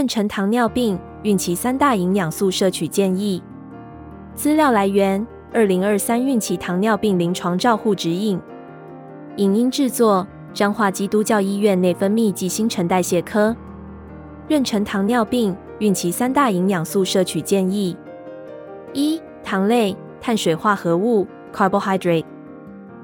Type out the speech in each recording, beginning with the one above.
妊娠糖尿病孕期三大營養素攝取建議。資料來源：二零二三孕期糖尿病臨床照護指引。影音製作：彰化基督教醫院內分泌暨新陳代謝科。妊娠糖尿病孕期三大營養素攝取建議：一、糖類（碳水化合物，carbohydrate）。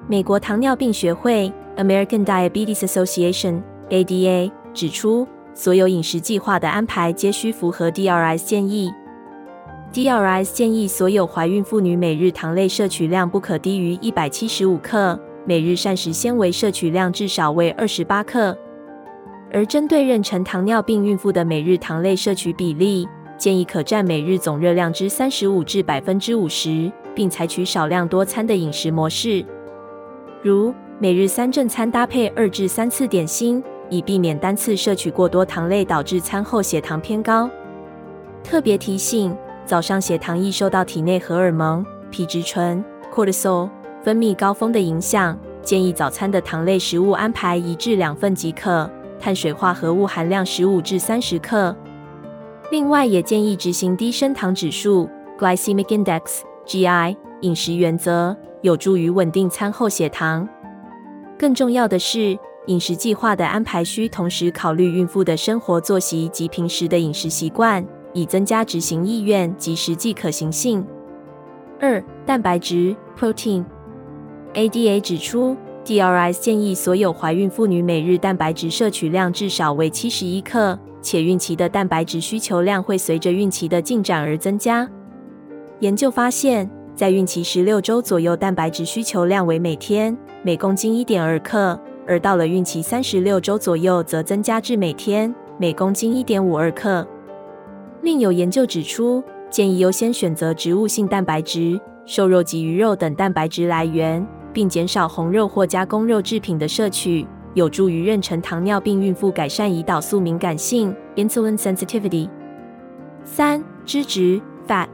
美國糖尿病學會 （American Diabetes Association, ADA） 指出。所有飲食計劃的安排皆需符合 DRIs 建議。DRIs 建議所有懷孕婦女每日糖類攝取量不可低於一百七十五克，每日膳食纖維攝取量至少為二十八克。而針對妊娠糖尿病孕婦的每日糖類攝取比例，建議可佔每日總熱量之三十五至百分之五十，並採取少量多餐的飲食模式，如每日三正餐搭配二至三次點心。以避免單次攝取過多糖類導致餐後血糖偏高。特別提醒，早上血糖易受到體內荷爾蒙皮質醇 （cortisol） 分泌高峰的影響，建議早餐的糖類食物安排一至兩份即可，碳水化合物含量十五至三十克。另外，也建議執行低升糖指數 （glycemic index, GI） 飲食原則，有助於穩定餐後血糖。更重要的是，飲食計劃的安排需同時考慮孕婦的生活作息及平時的飲食習慣，以增加執行意願及實際可行性。二、蛋白質 （Protein）ADA 指出，DRIs 建議所有懷孕婦女每日蛋白質攝取量至少為七十一克，且孕期的蛋白質需求量會隨着孕期的進展而增加。研究發現，在孕期十六周左右，蛋白質需求量為每天每公斤一點二克。而到了孕期三十六周左右，則增加至每天每公斤一點五二克。另有研究指出，建議優先選擇植物性蛋白質、瘦肉及魚肉等蛋白質來源，並減少紅肉或加工肉製品的攝取，有助於妊娠糖尿病孕婦改善胰島素敏感性 （insulin sensitivity）。三、脂質 （fat）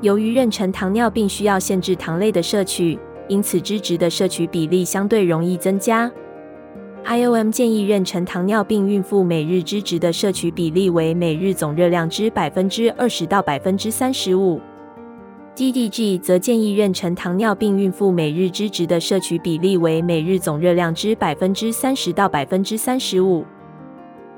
由於妊娠糖尿病需要限制糖類的攝取。因此，脂質的攝取比例相對容易增加。IOM 建議妊娠糖尿病孕婦每日脂質的攝取比例為每日總熱量之百分之二十到百分之三十五。DDG 則建議妊娠糖尿病孕婦每日脂質的攝取比例為每日總熱量之百分之三十到百分之三十五。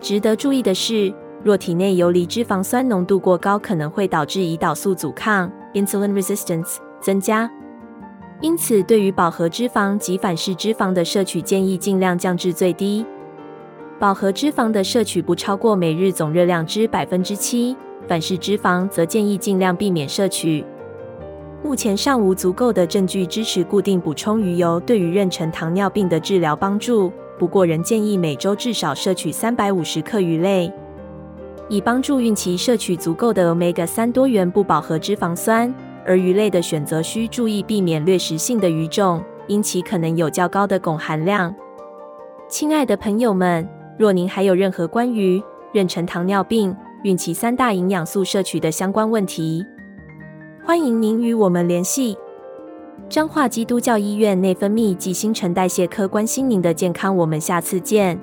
值得注意的是，若體內游離脂肪酸濃度過高，可能會導致胰島素阻抗 （insulin resistance） 增加。因此，對於飽和脂肪及反式脂肪的攝取，建議盡量降至最低。飽和脂肪的攝取不超過每日總熱量之百分之七，反式脂肪則建議盡量避免攝取。目前尚無足夠的證據支持固定補充魚油對於妊娠糖尿病的治療幫助，不過仍建議每週至少攝取三百五十克魚類，以幫助孕期攝取足夠的 Omega-3 多元不飽和脂肪酸。而魚類的選擇需注意避免掠食性的魚種，因其可能有較高的汞含量。親愛的朋友們，若您還有任何關於妊娠糖尿病、孕期三大營養素攝取的相關問題，歡迎您與我們聯繫。彰化基督教醫院內分泌暨新陳代謝科關心您的健康，我們下次見。